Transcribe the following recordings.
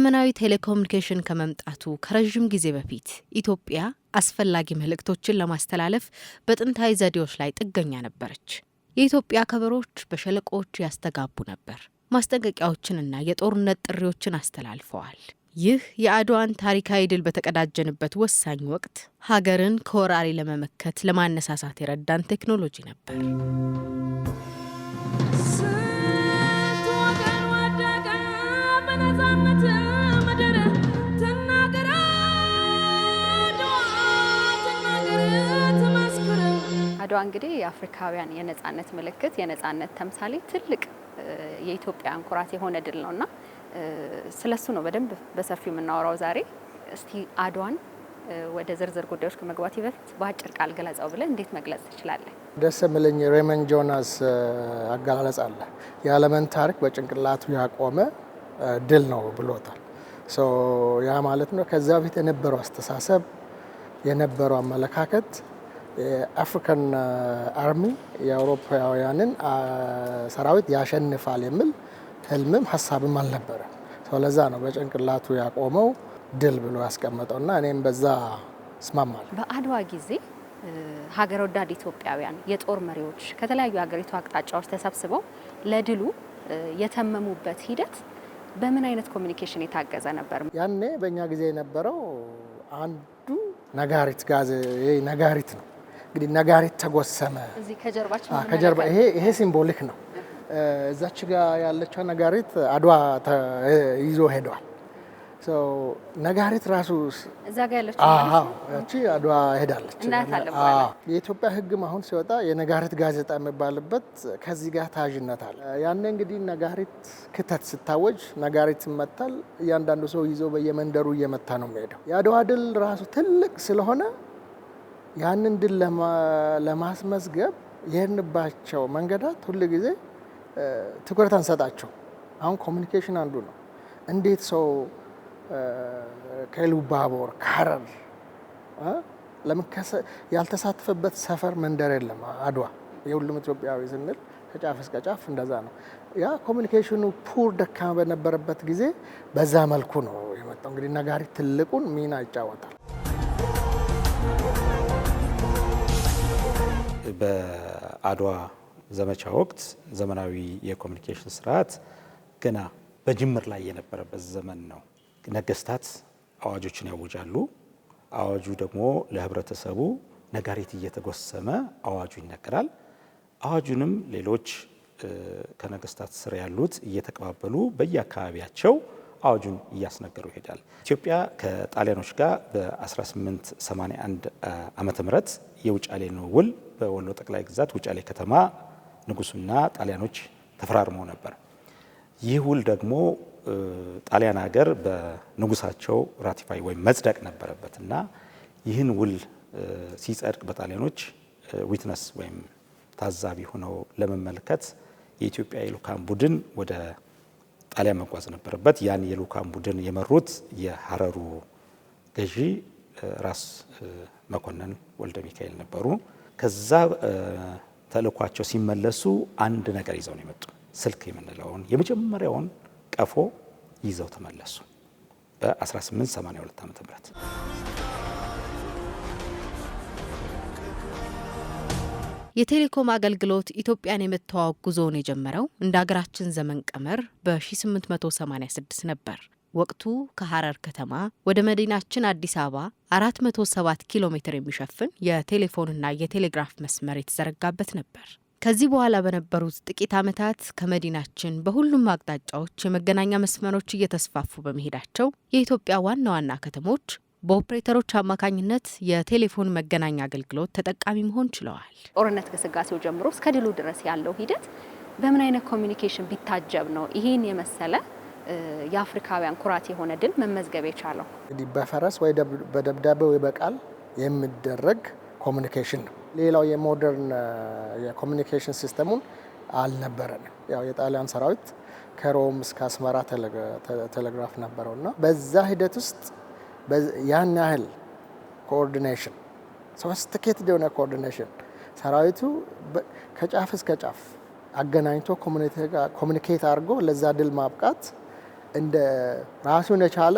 ዘመናዊ ቴሌኮሙኒኬሽን ከመምጣቱ ከረዥም ጊዜ በፊት ኢትዮጵያ አስፈላጊ መልእክቶችን ለማስተላለፍ በጥንታዊ ዘዴዎች ላይ ጥገኛ ነበረች። የኢትዮጵያ ከበሮች በሸለቆዎች ያስተጋቡ ነበር። ማስጠንቀቂያዎችንና የጦርነት ጥሪዎችን አስተላልፈዋል። ይህ የአድዋን ታሪካዊ ድል በተቀዳጀንበት ወሳኝ ወቅት ሀገርን ከወራሪ ለመመከት ለማነሳሳት የረዳን ቴክኖሎጂ ነበር። አድዋ እንግዲህ የአፍሪካውያን የነጻነት ምልክት፣ የነጻነት ተምሳሌ፣ ትልቅ የኢትዮጵያን ኩራት የሆነ ድል ነው እና ስለሱ ነው በደንብ በሰፊው የምናወራው ዛሬ። እስቲ አድዋን ወደ ዝርዝር ጉዳዮች ከመግባት በፊት በአጭር ቃል ገለጸው ብለን እንዴት መግለጽ ትችላለህ? ደስ የሚለኝ ሬመን ጆናስ አገላለጽ አለ። የዓለምን ታሪክ በጭንቅላቱ ያቆመ ድል ነው ብሎታል። ያ ማለት ነው ከዚያ በፊት የነበረው አስተሳሰብ የነበረው አመለካከት የአፍሪካን አርሚ የአውሮፓውያንን ሰራዊት ያሸንፋል የሚል ህልምም ሀሳብም አልነበረ። ለዛ ነው በጭንቅላቱ ያቆመው ድል ብሎ እና እኔም በዛ ስማማል። በአድዋ ጊዜ ሀገር ወዳድ ኢትዮጵያውያን የጦር መሪዎች ከተለያዩ ሀገሪቱ አቅጣጫዎች ተሰብስበው ለድሉ የተመሙበት ሂደት በምን አይነት ኮሚኒኬሽን የታገዘ ነበር? ያኔ በእኛ ጊዜ የነበረው አንዱ ነጋሪት ጋዜ ነጋሪት ነው። እንግዲህ ነጋሪት ተጎሰመ። ከጀርባ ይሄ ሲምቦሊክ ነው። እዛች ጋር ያለችው ነጋሪት አድዋ ይዞ ሄደዋል። ነጋሪት ራሱ እቺ አድዋ ሄዳለች። የኢትዮጵያ ሕግም አሁን ሲወጣ የነጋሪት ጋዜጣ የሚባልበት ከዚህ ጋር ታዥነት አለ። ያኔ እንግዲህ ነጋሪት ክተት ስታወጅ ነጋሪት ይመታል። እያንዳንዱ ሰው ይዞ በየመንደሩ እየመታ ነው የሚሄደው። የአድዋ ድል ራሱ ትልቅ ስለሆነ ያንን ድል ለማስመዝገብ የሄድንባቸው መንገዳት ሁል ጊዜ ትኩረት አንሰጣቸው። አሁን ኮሚኒኬሽን አንዱ ነው። እንዴት ሰው ከኢሉባቦር ባቦር ለምን ያልተሳተፈበት ሰፈር መንደር የለም? አድዋ የሁሉም ኢትዮጵያዊ ስንል ከጫፍ እስከ ጫፍ እንደዛ ነው። ያ ኮሚኒኬሽኑ ፑር ደካማ በነበረበት ጊዜ በዛ መልኩ ነው የመጣው። እንግዲህ ነጋሪት ትልቁን ሚና ይጫወታል። በአድዋ ዘመቻ ወቅት ዘመናዊ የኮሚኒኬሽን ስርዓት ገና በጅምር ላይ የነበረበት ዘመን ነው። ነገስታት አዋጆችን ያውጃሉ። አዋጁ ደግሞ ለህብረተሰቡ ነጋሪት እየተጎሰመ አዋጁ ይነገራል። አዋጁንም ሌሎች ከነገስታት ስር ያሉት እየተቀባበሉ በየአካባቢያቸው አዋጁን እያስነገሩ ይሄዳል። ኢትዮጵያ ከጣሊያኖች ጋር በ1881 ዓ ምህረት የውጫሌ ነው ውል በወሎ ጠቅላይ ግዛት ውጫሌ ከተማ ንጉሱና ጣሊያኖች ተፈራርመው ነበር። ይህ ውል ደግሞ ጣሊያን ሀገር በንጉሳቸው ራቲፋይ ወይም መጽደቅ ነበረበት እና ይህን ውል ሲጸድቅ በጣሊያኖች ዊትነስ ወይም ታዛቢ ሆነው ለመመልከት የኢትዮጵያ የልኡካን ቡድን ወደ ጣሊያን መጓዝ ነበረበት። ያን የልኡካን ቡድን የመሩት የሀረሩ ገዢ ራስ መኮንን ወልደ ሚካኤል ነበሩ። ከዛ ተልኳቸው ሲመለሱ አንድ ነገር ይዘው ነው የመጡ። ስልክ የምንለውን የመጀመሪያውን ቀፎ ይዘው ተመለሱ በ1882 ዓ ም የቴሌኮም አገልግሎት ኢትዮጵያን የመተዋወቅ ጉዞውን የጀመረው እንደ አገራችን ዘመን ቀመር በ1886 ነበር። ወቅቱ ከሐረር ከተማ ወደ መዲናችን አዲስ አበባ 407 ኪሎ ሜትር የሚሸፍን የቴሌፎንና የቴሌግራፍ መስመር የተዘረጋበት ነበር። ከዚህ በኋላ በነበሩት ጥቂት ዓመታት ከመዲናችን በሁሉም አቅጣጫዎች የመገናኛ መስመሮች እየተስፋፉ በመሄዳቸው የኢትዮጵያ ዋና ዋና ከተሞች በኦፕሬተሮች አማካኝነት የቴሌፎን መገናኛ አገልግሎት ተጠቃሚ መሆን ችለዋል። ጦርነት ግስጋሴው ጀምሮ እስከ ድሉ ድረስ ያለው ሂደት በምን አይነት ኮሚኒኬሽን ቢታጀብ ነው ይህን የመሰለ የአፍሪካውያን ኩራት የሆነ ድል መመዝገብ የቻለው እንግዲህ በፈረስ ወይ በደብዳቤ ወይ በቃል የሚደረግ ኮሚኒኬሽን ነው። ሌላው የሞደርን የኮሚኒኬሽን ሲስተሙን አልነበረንም። ያው የጣሊያን ሰራዊት ከሮም እስከ አስመራ ቴሌግራፍ ነበረው እና በዛ ሂደት ውስጥ ያን ያህል ኮኦርዲኔሽን ሶስትኬት የሆነ ኮኦርዲኔሽን ሰራዊቱ ከጫፍ እስከ ጫፍ አገናኝቶ ኮሚኒኬት አድርጎ ለዛ ድል ማብቃት እንደ ራሱን የቻለ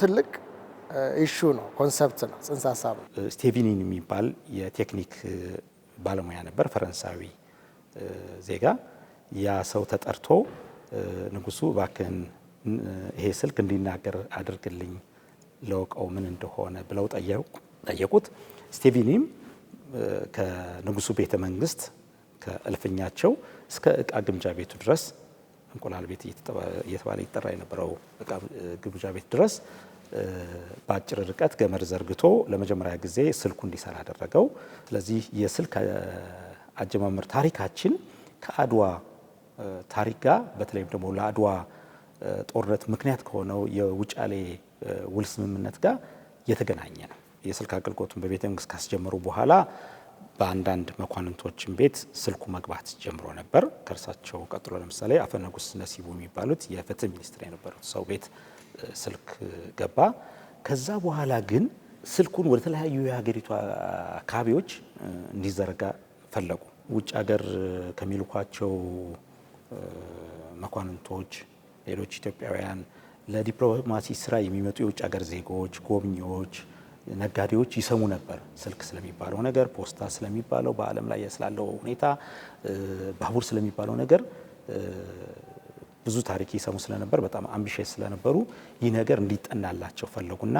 ትልቅ ኢሹ ነው፣ ኮንሰፕት ነው፣ ጽንሰ ሀሳብ ነው። ስቴቪኒን የሚባል የቴክኒክ ባለሙያ ነበር፣ ፈረንሳዊ ዜጋ። ያ ሰው ተጠርቶ ንጉሱ እባክህን ይሄ ስልክ እንዲናገር አድርግልኝ ለወቀው ምን እንደሆነ ብለው ጠየቁት። ስቴቪኒም ከንጉሱ ቤተ መንግስት ከእልፍኛቸው እስከ እቃ ግምጃ ቤቱ ድረስ እንቁላል ቤት እየተባለ ይጠራ የነበረው እቃ ግብዣ ቤት ድረስ በአጭር ርቀት ገመድ ዘርግቶ ለመጀመሪያ ጊዜ ስልኩ እንዲሰራ አደረገው። ስለዚህ የስልክ አጀማመር ታሪካችን ከአድዋ ታሪክ ጋር በተለይም ደግሞ ለአድዋ ጦርነት ምክንያት ከሆነው የውጫሌ ውል ስምምነት ጋር የተገናኘ ነው። የስልክ አገልግሎቱን በቤተ መንግስት ካስጀመሩ በኋላ በአንዳንድ መኳንንቶችን ቤት ስልኩ መግባት ጀምሮ ነበር። ከእርሳቸው ቀጥሎ ለምሳሌ አፈነጉስ ነሲቡ የሚባሉት የፍትህ ሚኒስትር የነበሩት ሰው ቤት ስልክ ገባ። ከዛ በኋላ ግን ስልኩን ወደ ተለያዩ የሀገሪቱ አካባቢዎች እንዲዘረጋ ፈለጉ። ውጭ ሀገር ከሚልኳቸው መኳንንቶች፣ ሌሎች ኢትዮጵያውያን ለዲፕሎማሲ ስራ የሚመጡ የውጭ ሀገር ዜጎች፣ ጎብኚዎች ነጋዴዎች ይሰሙ ነበር። ስልክ ስለሚባለው ነገር፣ ፖስታ ስለሚባለው፣ በዓለም ላይ ስላለው ሁኔታ፣ ባቡር ስለሚባለው ነገር ብዙ ታሪክ ይሰሙ ስለነበር በጣም አምቢሽስ ስለነበሩ ይህ ነገር እንዲጠናላቸው ፈለጉና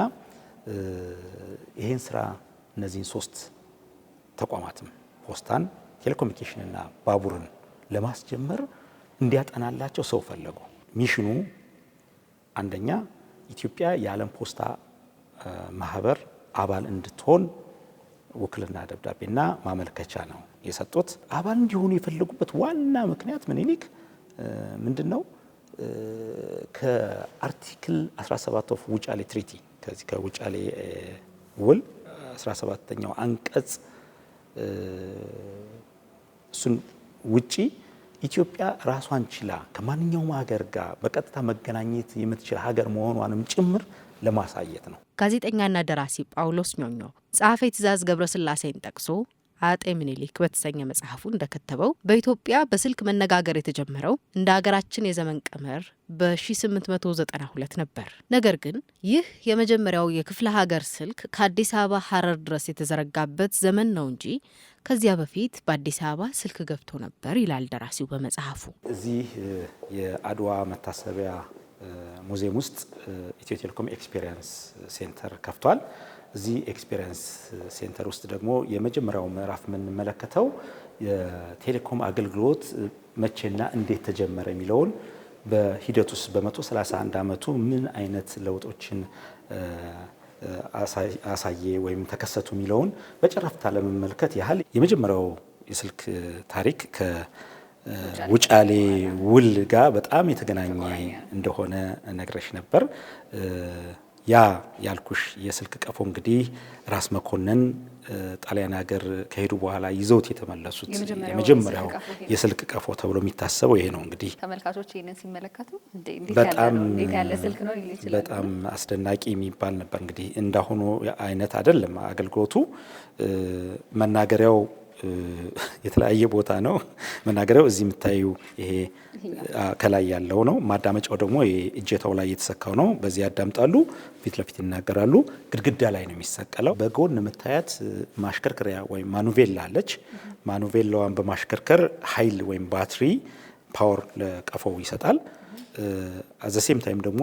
ይህን ስራ እነዚህን ሶስት ተቋማትም ፖስታን፣ ቴሌኮሙኒኬሽንና ባቡርን ለማስጀመር እንዲያጠናላቸው ሰው ፈለጉ። ሚሽኑ አንደኛ ኢትዮጵያ የዓለም ፖስታ ማህበር አባል እንድትሆን ውክልና ደብዳቤና ማመልከቻ ነው የሰጡት። አባል እንዲሆኑ የፈለጉበት ዋና ምክንያት ምኒልክ ምንድን ነው ከአርቲክል 17 ኦፍ ውጫሌ ትሪቲ ከዚህ ከውጫሌ ውል 17ኛው አንቀጽ እሱን ውጪ ኢትዮጵያ ራሷን ችላ ከማንኛውም ሀገር ጋር በቀጥታ መገናኘት የምትችል ሀገር መሆኗንም ጭምር ለማሳየት ነው። ጋዜጠኛና ደራሲ ጳውሎስ ኞኞ ጸሐፌ ትእዛዝ ገብረስላሴን ጠቅሶ አጤ ምኒልክ በተሰኘ መጽሐፉ እንደከተበው በኢትዮጵያ በስልክ መነጋገር የተጀመረው እንደ አገራችን የዘመን ቀመር በ1892 ነበር። ነገር ግን ይህ የመጀመሪያው የክፍለ ሀገር ስልክ ከአዲስ አበባ ሀረር ድረስ የተዘረጋበት ዘመን ነው እንጂ ከዚያ በፊት በአዲስ አበባ ስልክ ገብቶ ነበር ይላል ደራሲው በመጽሐፉ። እዚህ የአድዋ መታሰቢያ ሙዚየም ውስጥ ኢትዮ ቴሌኮም ኤክስፔሪየንስ ሴንተር ከፍቷል። እዚህ ኤክስፔሪየንስ ሴንተር ውስጥ ደግሞ የመጀመሪያው ምዕራፍ የምንመለከተው የቴሌኮም አገልግሎት መቼና እንዴት ተጀመረ የሚለውን በሂደት ውስጥ በ131 ዓመቱ ምን አይነት ለውጦችን አሳየ ወይም ተከሰቱ የሚለውን በጨረፍታ ለመመልከት ያህል የመጀመሪያው የስልክ ታሪክ ውጫሌ ውል ጋር በጣም የተገናኘ እንደሆነ ነግረሽ ነበር። ያ ያልኩሽ የስልክ ቀፎ እንግዲህ ራስ መኮንን ጣሊያን ሀገር ከሄዱ በኋላ ይዘውት የተመለሱት የመጀመሪያው የስልክ ቀፎ ተብሎ የሚታሰበው ይሄ ነው። እንግዲህ ተመልካቾች ይህንን ሲመለከቱ በጣም አስደናቂ የሚባል ነበር። እንግዲህ እንዳሁኑ አይነት አይደለም አገልግሎቱ መናገሪያው የተለያየ ቦታ ነው መናገሪያው። እዚህ የምታዩ ይሄ ከላይ ያለው ነው። ማዳመጫው ደግሞ እጀታው ላይ የተሰካው ነው። በዚህ ያዳምጣሉ፣ ፊት ለፊት ይናገራሉ። ግድግዳ ላይ ነው የሚሰቀለው። በጎን የምታያት ማሽከርከሪያ ወይም ማኑቬላ አለች። ማኑቬላዋን በማሽከርከር ኃይል ወይም ባትሪ ፓወር ለቀፎው ይሰጣል። አዘሴም ታይም ደግሞ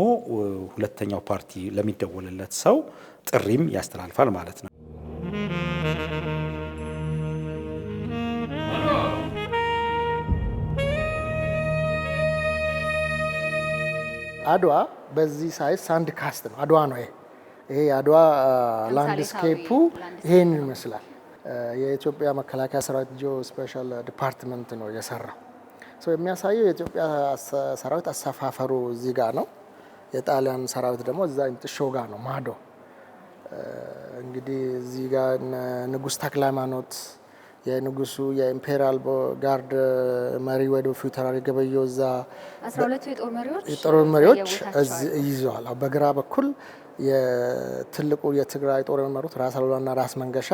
ሁለተኛው ፓርቲ ለሚደወልለት ሰው ጥሪም ያስተላልፋል ማለት ነው። አድዋ በዚህ ሳይዝ ሳንድ ካስት ነው። አድዋ ነው ይሄ የአድዋ ላንድስኬፑ ይሄን ይመስላል። የኢትዮጵያ መከላከያ ሰራዊት ጂኦ ስፔሻል ዲፓርትመንት ነው የሰራው። የሚያሳየው የኢትዮጵያ ሰራዊት አሰፋፈሩ እዚህ ጋር ነው። የጣሊያን ሰራዊት ደግሞ እዛ ጥሾ ጋር ነው ማዶ። እንግዲህ እዚህ ጋር ንጉስ ተክለ ሃይማኖት የንጉሱ የኢምፔሪያል ጋርድ መሪ ወደ ፊታውራሪ ገበየሁ እዛ የጦር መሪዎች ይዘዋል። በግራ በኩል የትልቁ የትግራይ ጦር የመሩት ራስ አሉላና ራስ መንገሻ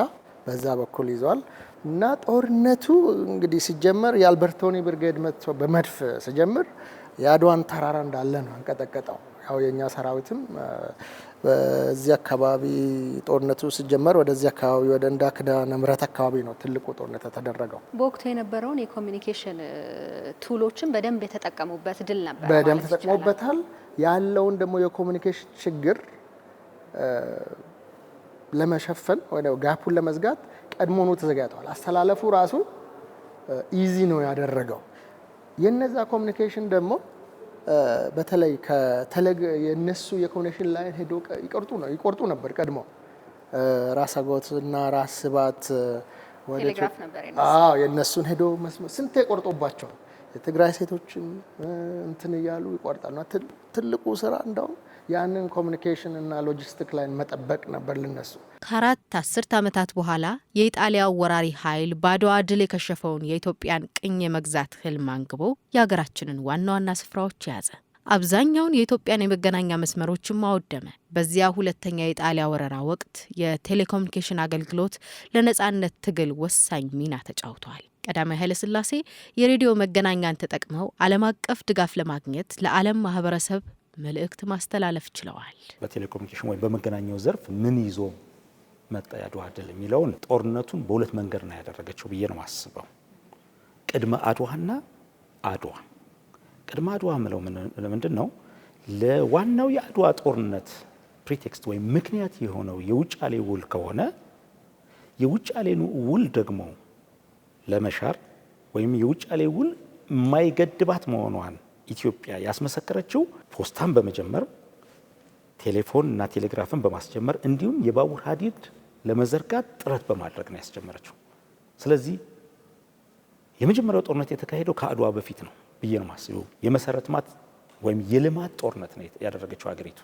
በዛ በኩል ይዘዋል እና ጦርነቱ እንግዲህ ሲጀመር የአልበርቶኒ ብርጌድ መጥቶ በመድፍ ሲጀምር የአድዋን ተራራ እንዳለ ነው አንቀጠቀጠው። ያው የእኛ ሰራዊትም በዚህ አካባቢ ጦርነቱ ሲጀመር ወደዚህ አካባቢ ወደ እንዳክዳ ነምረት አካባቢ ነው ትልቁ ጦርነት የተደረገው። በወቅቱ የነበረውን የኮሚኒኬሽን ቱሎችን በደንብ የተጠቀሙበት ድል ነበር። በደንብ ተጠቅሞበታል። ያለውን ደግሞ የኮሚኒኬሽን ችግር ለመሸፈን ወይ ጋፑን ለመዝጋት ቀድሞኑ ተዘጋጅተዋል። አስተላለፉ ራሱ ኢዚ ነው ያደረገው የነዛ ኮሚኒኬሽን ደግሞ በተለይ ከተለግ የነሱ የኮኔክሽን ላይን ሄዶ ይቆርጡ ነው ይቆርጡ ነበር ቀድሞ ራስ አጎትና ራስ ስባት የእነሱን ሄዶ መስመር ስንት የቆርጦባቸዋል። የትግራይ ሴቶችን እንትን እያሉ ይቆርጣሉና ትልቁ ስራ እንደውም ያንን ኮሚኒኬሽን እና ሎጂስቲክ ላይን መጠበቅ ነበር ልነሱ። ከአራት አስርት ዓመታት በኋላ የኢጣሊያው ወራሪ ኃይል በአድዋ ድል የከሸፈውን የኢትዮጵያን ቅኝ የመግዛት ህልም አንግቦ የሀገራችንን ዋና ዋና ስፍራዎች ያዘ። አብዛኛውን የኢትዮጵያን የመገናኛ መስመሮችም አወደመ። በዚያ ሁለተኛ የጣሊያ ወረራ ወቅት የቴሌኮሙኒኬሽን አገልግሎት ለነጻነት ትግል ወሳኝ ሚና ተጫውተዋል። ቀዳማዊ ኃይለስላሴ የሬዲዮ መገናኛን ተጠቅመው ዓለም አቀፍ ድጋፍ ለማግኘት ለዓለም ማህበረሰብ መልእክት ማስተላለፍ ችለዋል። በቴሌኮሙኒኬሽን ወይም በመገናኛው ዘርፍ ምን ይዞ መጣ የአድዋ ድል የሚለውን ጦርነቱን በሁለት መንገድ ነው ያደረገችው ብዬ ነው የማስበው። ቅድመ አድዋና አድዋ። ቅድመ አድዋ ምለው ምንድን ነው? ለዋናው የአድዋ ጦርነት ፕሪቴክስት ወይም ምክንያት የሆነው የውጫሌ ውል ከሆነ የውጫሌን ውል ደግሞ ለመሻር ወይም የውጫሌ ውል የማይገድባት መሆኗን ኢትዮጵያ ያስመሰከረችው ፖስታን በመጀመር ቴሌፎን እና ቴሌግራፍን በማስጀመር እንዲሁም የባቡር ሀዲድ ለመዘርጋት ጥረት በማድረግ ነው ያስጀመረችው። ስለዚህ የመጀመሪያው ጦርነት የተካሄደው ከአድዋ በፊት ነው ብዬ ነው የማስበው። የመሰረት ወይም የልማት ጦርነት ነው ያደረገችው ሀገሪቱ።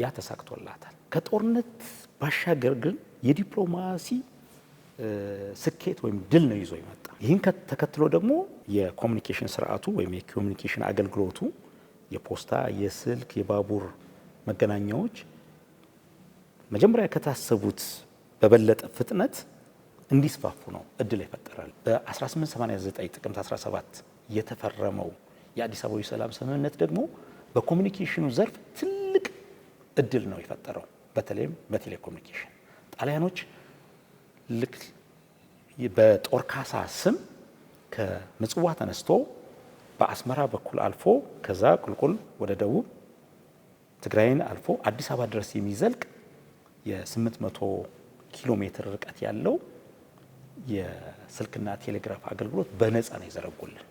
ያ ተሳክቶላታል። ከጦርነት ባሻገር ግን የዲፕሎማሲ ስኬት ወይም ድል ነው ይዞ ይመጣ። ይህን ተከትሎ ደግሞ የኮሚኒኬሽን ስርዓቱ ወይም የኮሚኒኬሽን አገልግሎቱ የፖስታ፣ የስልክ፣ የባቡር መገናኛዎች መጀመሪያ ከታሰቡት በበለጠ ፍጥነት እንዲስፋፉ ነው እድል ይፈጠራል። በ1889 ጥቅምት 17 የተፈረመው የአዲስ አበባ ሰላም ስምምነት ደግሞ በኮሚኒኬሽኑ ዘርፍ ትልቅ እድል ነው የፈጠረው። በተለይም በቴሌኮሙኒኬሽን ጣሊያኖች ልክ በጦር ካሳ ስም ከምጽዋ ተነስቶ በአስመራ በኩል አልፎ ከዛ ቁልቁል ወደ ደቡብ ትግራይን አልፎ አዲስ አበባ ድረስ የሚዘልቅ የ800 ኪሎ ሜትር ርቀት ያለው የስልክና ቴሌግራፍ አገልግሎት በነፃ ነው የዘረጉልን።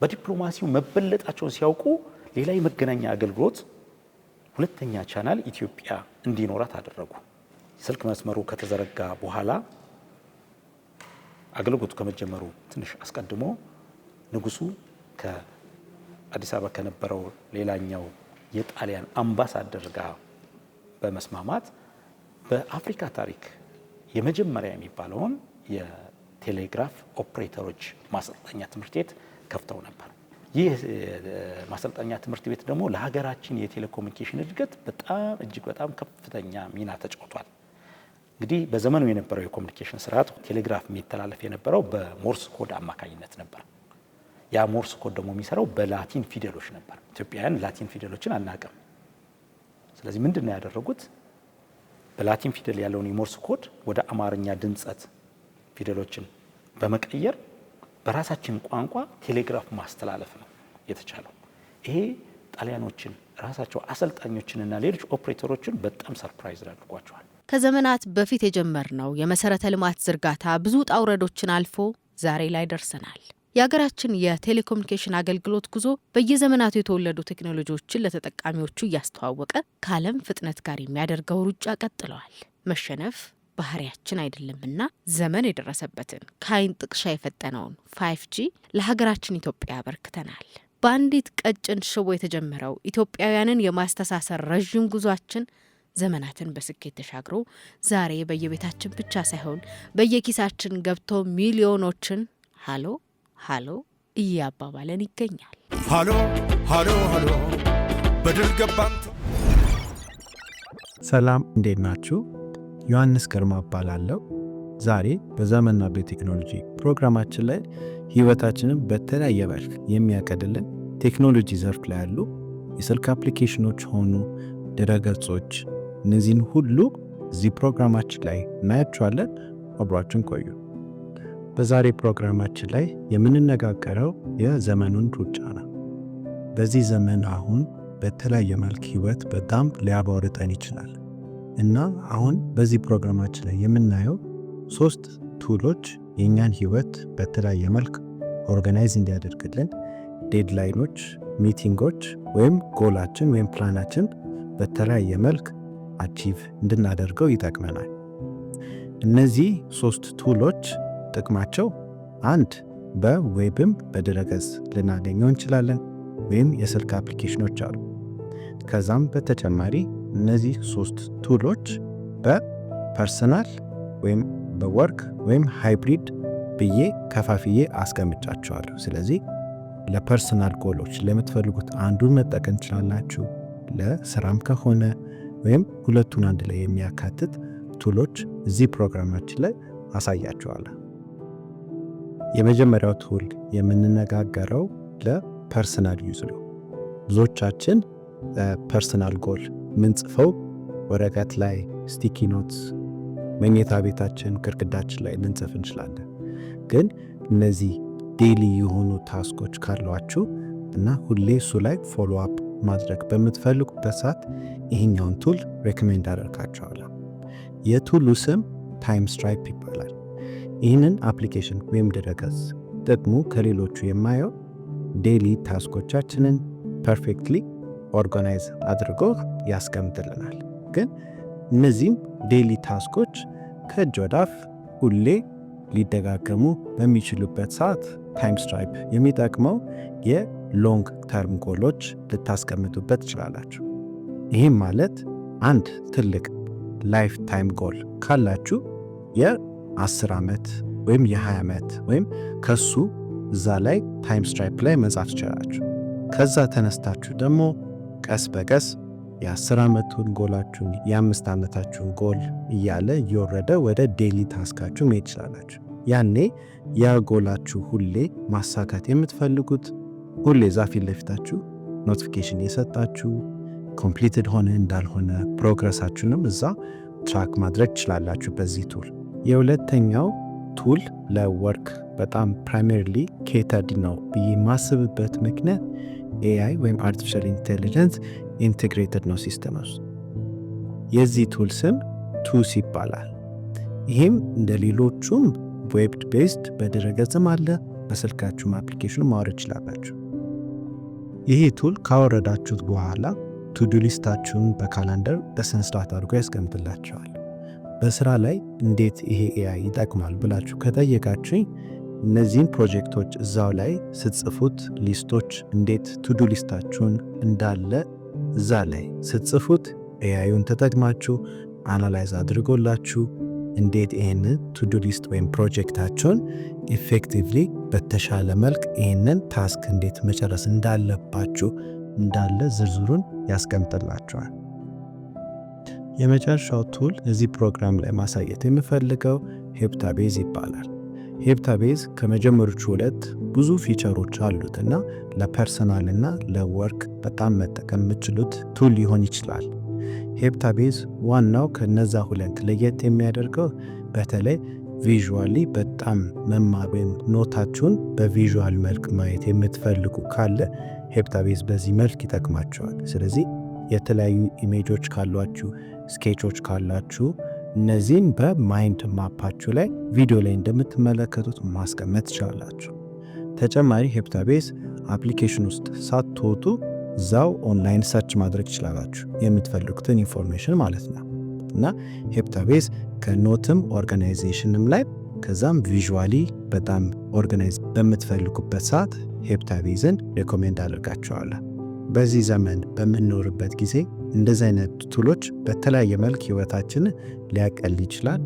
በዲፕሎማሲው መበለጣቸውን ሲያውቁ ሌላ የመገናኛ አገልግሎት ሁለተኛ ቻናል ኢትዮጵያ እንዲኖራት አደረጉ። ስልክ መስመሩ ከተዘረጋ በኋላ አገልግሎቱ ከመጀመሩ ትንሽ አስቀድሞ ንጉሱ ከአዲስ አበባ ከነበረው ሌላኛው የጣሊያን አምባሳደር ጋር በመስማማት በአፍሪካ ታሪክ የመጀመሪያ የሚባለውን የቴሌግራፍ ኦፕሬተሮች ማሰልጠኛ ትምህርት ቤት ከፍተው ነበር። ይህ ማሰልጠኛ ትምህርት ቤት ደግሞ ለሀገራችን የቴሌኮሙኒኬሽን እድገት በጣም እጅግ በጣም ከፍተኛ ሚና ተጫውቷል። እንግዲህ በዘመኑ የነበረው የኮሚኒኬሽን ስርዓት ቴሌግራፍ የሚተላለፍ የነበረው በሞርስ ኮድ አማካኝነት ነበር። ያ ሞርስ ኮድ ደግሞ የሚሰራው በላቲን ፊደሎች ነበር። ኢትዮጵያውያን ላቲን ፊደሎችን አናቅም። ስለዚህ ምንድን ነው ያደረጉት? በላቲን ፊደል ያለውን የሞርስ ኮድ ወደ አማርኛ ድምጸት ፊደሎችን በመቀየር በራሳችን ቋንቋ ቴሌግራፍ ማስተላለፍ ነው የተቻለው። ይሄ ጣሊያኖችን ራሳቸው አሰልጣኞችንና ሌሎች ኦፕሬተሮችን በጣም ሰርፕራይዝ አድርጓቸዋል። ከዘመናት በፊት የጀመርነው የመሰረተ ልማት ዝርጋታ ብዙ ጣውረዶችን አልፎ ዛሬ ላይ ደርሰናል። የሀገራችን የቴሌኮሙኒኬሽን አገልግሎት ጉዞ በየዘመናቱ የተወለዱ ቴክኖሎጂዎችን ለተጠቃሚዎቹ እያስተዋወቀ ከዓለም ፍጥነት ጋር የሚያደርገው ሩጫ ቀጥለዋል። መሸነፍ ባህሪያችን አይደለምና ዘመን የደረሰበትን ከአይን ጥቅሻ የፈጠነውን ፋይፍ ጂ ለሀገራችን ኢትዮጵያ ያበርክተናል። በአንዲት ቀጭን ሽቦ የተጀመረው ኢትዮጵያውያንን የማስተሳሰር ረዥም ጉዟችን ዘመናትን በስኬት ተሻግሮ ዛሬ በየቤታችን ብቻ ሳይሆን በየኪሳችን ገብቶ ሚሊዮኖችን ሀሎ ሀሎ እያባባለን ይገኛል። ሀሎ ሀሎ ሀሎ በድል ገባን። ሰላም እንዴት ናችሁ? ዮሐንስ ግርማ እባላለሁ። ዛሬ በዘመንና በቴክኖሎጂ ፕሮግራማችን ላይ ህይወታችንን በተለያየ መልክ የሚያቀልልን ቴክኖሎጂ ዘርፍ ላይ ያሉ የስልክ አፕሊኬሽኖች ሆኑ ድረገጾች፣ እነዚህን ሁሉ እዚህ ፕሮግራማችን ላይ እናያቸዋለን። አብሯችን ቆዩ። በዛሬ ፕሮግራማችን ላይ የምንነጋገረው የዘመኑን ሩጫ ነው። በዚህ ዘመን አሁን በተለያየ መልክ ህይወት በጣም ሊያባወርጠን ይችላል እና አሁን በዚህ ፕሮግራማችን ላይ የምናየው ሶስት ቱሎች የእኛን ህይወት በተለያየ መልክ ኦርጋናይዝ እንዲያደርግልን ዴድላይኖች፣ ሚቲንጎች ወይም ጎላችን ወይም ፕላናችን በተለያየ መልክ አቺቭ እንድናደርገው ይጠቅመናል። እነዚህ ሶስት ቱሎች ጥቅማቸው አንድ በዌብም በድረገጽ ልናገኘው እንችላለን ወይም የስልክ አፕሊኬሽኖች አሉ። ከዛም በተጨማሪ እነዚህ ሶስት ቱሎች በፐርሰናል ወይም በወርክ ወይም ሃይብሪድ ብዬ ከፋፍዬ አስቀምጫቸዋለሁ። ስለዚህ ለፐርሰናል ጎሎች ለምትፈልጉት አንዱን መጠቀም ትችላላችሁ። ለስራም ከሆነ ወይም ሁለቱን አንድ ላይ የሚያካትት ቱሎች እዚህ ፕሮግራማችን ላይ አሳያችኋለሁ። የመጀመሪያው ቱል የምንነጋገረው ለፐርሰናል ዩዝ ነው። ብዙዎቻችን ፐርሰናል ጎል ምንጽፈው ወረቀት ላይ ስቲኪ ኖት፣ መኝታ ቤታችን ግርግዳችን ላይ ልንጽፍ እንችላለን። ግን እነዚህ ዴሊ የሆኑ ታስኮች ካሏችሁ እና ሁሌ እሱ ላይ ፎሎ አፕ ማድረግ በምትፈልጉበት ሰዓት ይህኛውን ቱል ሬኮሜንድ አደርጋቸዋለሁ። የቱሉ ስም ታይም ስትራይፕ ይባላል። ይህንን አፕሊኬሽን ወይም ድረገጽ ጥቅሙ ከሌሎቹ የማየው ዴሊ ታስኮቻችንን ፐርፌክትሊ ኦርጋናይዝ አድርጎ ያስቀምጥልናል። ግን እነዚህም ዴሊ ታስኮች ከእጅ ወዳፍ ሁሌ ሊደጋገሙ በሚችሉበት ሰዓት ታይም ስትራይፕ የሚጠቅመው የሎንግ ተርም ጎሎች ልታስቀምጡበት ትችላላችሁ። ይህም ማለት አንድ ትልቅ ላይፍ ታይም ጎል ካላችሁ አስር ዓመት ወይም የ20 ዓመት ወይም ከሱ እዛ ላይ ታይም ስትራይፕ ላይ መጻፍ ትችላላችሁ። ከዛ ተነስታችሁ ደግሞ ቀስ በቀስ የ10 ዓመቱን ጎላችሁን የአምስት ዓመታችሁን ጎል እያለ እየወረደ ወደ ዴይሊ ታስካችሁ መሄድ ይችላላችሁ። ያኔ ያ ጎላችሁ ሁሌ ማሳካት የምትፈልጉት ሁሌ እዛ ፊት ለፊታችሁ ኖቲፊኬሽን የሰጣችሁ ኮምፕሊትድ ሆነ እንዳልሆነ ፕሮግረሳችሁንም እዛ ትራክ ማድረግ ትችላላችሁ በዚህ ቱል። የሁለተኛው ቱል ለወርክ በጣም ፕራይመሪሊ ኬተርድ ነው ብዬ የማስብበት ምክንያት ኤአይ ወይም አርቲፊሻል ኢንቴሊጀንስ ኢንቴግሬትድ ነው ሲስተም ውስጥ። የዚህ ቱል ስም ቱስ ይባላል። ይህም እንደ ሌሎቹም ዌብ ቤዝድ በድረገጽም አለ፣ በስልካችሁም አፕሊኬሽኑ ማውረድ ይችላላችሁ። ይህ ቱል ካወረዳችሁት በኋላ ቱዱ ሊስታችሁን በካላንደር በስነስርዓት አድርጎ ያስቀምጥላቸዋል። በስራ ላይ እንዴት ይሄ ኤአይ ይጠቅማል ብላችሁ ከጠየቃችሁኝ እነዚህን ፕሮጀክቶች እዛው ላይ ስትጽፉት ሊስቶች እንዴት ቱዱ ሊስታችሁን እንዳለ እዛ ላይ ስትጽፉት ኤአዩን ተጠቅማችሁ አናላይዝ አድርጎላችሁ እንዴት ይህንን ቱዱ ሊስት ወይም ፕሮጀክታችሁን ኢፌክቲቭሊ በተሻለ መልክ ይህንን ታስክ እንዴት መጨረስ እንዳለባችሁ እንዳለ ዝርዝሩን ያስቀምጥላችኋል። የመጨረሻው ቱል እዚህ ፕሮግራም ላይ ማሳየት የምፈልገው ሄፕታቤዝ ይባላል። ሄፕታቤዝ ከመጀመሪያዎቹ ሁለት ብዙ ፊቸሮች አሉትና ለፐርሰናልና ለወርክ በጣም መጠቀም የምችሉት ቱል ሊሆን ይችላል። ሄፕታቤዝ ዋናው ከነዛ ሁለት ለየት የሚያደርገው በተለይ ቪዥዋሊ በጣም መማቤን ኖታችሁን በቪዥዋል መልክ ማየት የምትፈልጉ ካለ ሄፕታቤዝ በዚህ መልክ ይጠቅማቸዋል። ስለዚህ የተለያዩ ኢሜጆች ካሏችሁ ስኬቾች ካላችሁ እነዚህን በማይንድ ማፓችሁ ላይ ቪዲዮ ላይ እንደምትመለከቱት ማስቀመጥ ትችላላችሁ። ተጨማሪ ሄፕታቤስ አፕሊኬሽን ውስጥ ሳትወጡ እዛው ኦንላይን ሰርች ማድረግ ትችላላችሁ የምትፈልጉትን ኢንፎርሜሽን ማለት ነው። እና ሄፕታቤዝ ከኖትም ኦርጋናይዜሽንም ላይ ከዛም ቪዥዋሊ በጣም ኦርጋናይዝ በምትፈልጉበት ሰዓት ሄፕታቤዝን ሬኮሜንድ አድርጋቸዋለን። በዚህ ዘመን በምንኖርበት ጊዜ እንደዚህ አይነት ቱሎች በተለያየ መልክ ህይወታችንን ሊያቀል ይችላል።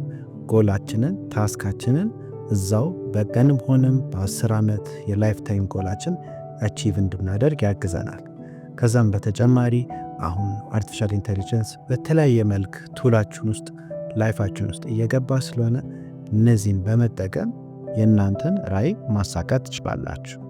ጎላችንን፣ ታስካችንን እዛው በቀንም ሆነም በ10 ዓመት የላይፍ ታይም ጎላችን አቺቭ እንድናደርግ ያግዘናል። ከዛም በተጨማሪ አሁን አርቲፊሻል ኢንቴሊጀንስ በተለያየ መልክ ቱላችን ውስጥ ላይፋችን ውስጥ እየገባ ስለሆነ እነዚህን በመጠቀም የእናንተን ራዕይ ማሳካት ትችላላችሁ።